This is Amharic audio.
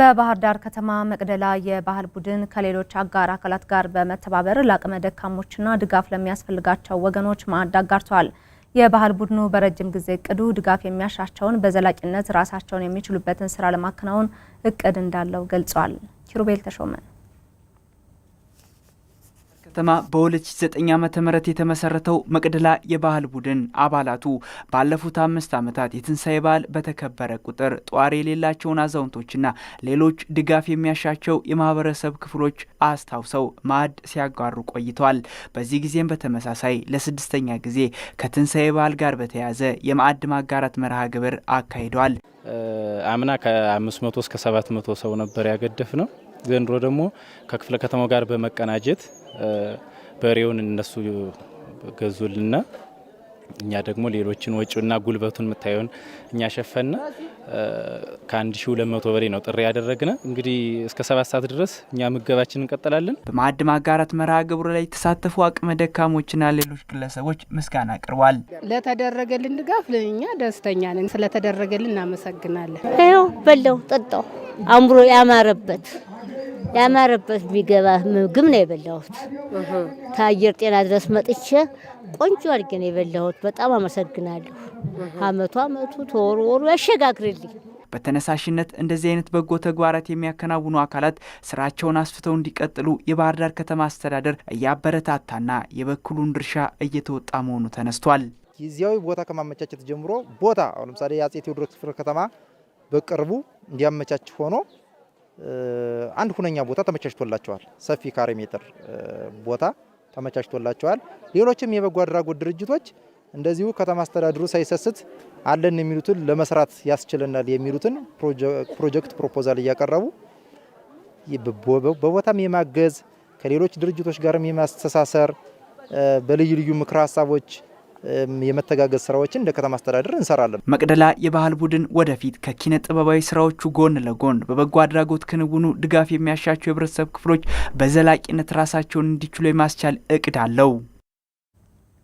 በባህር ዳር ከተማ መቅደላ የባህል ቡድን ከሌሎች አጋር አካላት ጋር በመተባበር ለአቅመ ደካሞችና ድጋፍ ለሚያስፈልጋቸው ወገኖች ማዕድ አጋርተዋል። የባህል ቡድኑ በረጅም ጊዜ እቅዱ ድጋፍ የሚያሻቸውን በዘላቂነት ራሳቸውን የሚችሉበትን ስራ ለማከናወን እቅድ እንዳለው ገልጿል። ኪሩቤል ተሾመ ከተማ በ2009 ዓ ም የተመሰረተው መቅደላ የባህል ቡድን አባላቱ ባለፉት አምስት ዓመታት የትንሣኤ በዓል በተከበረ ቁጥር ጧሪ የሌላቸውን አዛውንቶችና ሌሎች ድጋፍ የሚያሻቸው የማህበረሰብ ክፍሎች አስታውሰው ማዕድ ሲያጋሩ ቆይተዋል። በዚህ ጊዜም በተመሳሳይ ለስድስተኛ ጊዜ ከትንሣኤ በዓል ጋር በተያያዘ የማዕድ ማጋራት መርሃ ግብር አካሂደዋል። አምና ከ500 እስከ 700 ሰው ነበር ያገደፍ ነው ዘንድሮ ደግሞ ከክፍለ ከተማው ጋር በመቀናጀት በሬውን እነሱ ገዙልና እኛ ደግሞ ሌሎችን ወጪና ጉልበቱን የምታየውን እኛ ሸፈና ከ1200 በላይ ነው ጥሪ ያደረግነ። እንግዲህ እስከ ሰባት ሰዓት ድረስ እኛ ምገባችን እንቀጥላለን። በማዕድ ማጋራት መርሃ ግብሩ ላይ የተሳተፉ አቅመ ደካሞችና ሌሎች ግለሰቦች ምስጋና አቅርቧል። ለተደረገልን ድጋፍ እኛ ደስተኛ ነን። ስለተደረገልን እናመሰግናለን። ይኸው በለው ጠጣው አምሮ ያማረበት ያማረበት ቢገባ ምግብ ነው የበላሁት። ከአየር ጤና ድረስ መጥቼ ቆንጆ አድርጌ ነው የበላሁት። በጣም አመሰግናለሁ። አመቱ አመቱ ተወሩ ወሩ ያሸጋግርልኝ። በተነሳሽነት እንደዚህ አይነት በጎ ተግባራት የሚያከናውኑ አካላት ስራቸውን አስፍተው እንዲቀጥሉ የባህር ዳር ከተማ አስተዳደር እያበረታታና የበኩሉን ድርሻ እየተወጣ መሆኑ ተነስቷል። ጊዜያዊ ቦታ ከማመቻቸት ጀምሮ ቦታ አሁን ለምሳሌ የአጼ ቴዎድሮስ ክፍለ ከተማ በቅርቡ እንዲያመቻች ሆኖ አንድ ሁነኛ ቦታ ተመቻችቶላቸዋል። ሰፊ ካሬ ሜትር ቦታ ተመቻችቶላቸዋል። ሌሎችም የበጎ አድራጎት ድርጅቶች እንደዚሁ ከተማ አስተዳድሩ ሳይሰስት አለን የሚሉትን ለመስራት ያስችለናል የሚሉትን ፕሮጀክት ፕሮፖዛል እያቀረቡ በቦታም የማገዝ ከሌሎች ድርጅቶች ጋርም የማስተሳሰር በልዩ ልዩ ምክረ ሀሳቦች የመተጋገዝ ስራዎችን እንደ ከተማ አስተዳደር እንሰራለን። መቅደላ የባህል ቡድን ወደፊት ከኪነ ጥበባዊ ስራዎቹ ጎን ለጎን በበጎ አድራጎት ክንውኑ ድጋፍ የሚያሻቸው የህብረተሰብ ክፍሎች በዘላቂነት ራሳቸውን እንዲችሉ የማስቻል እቅድ አለው።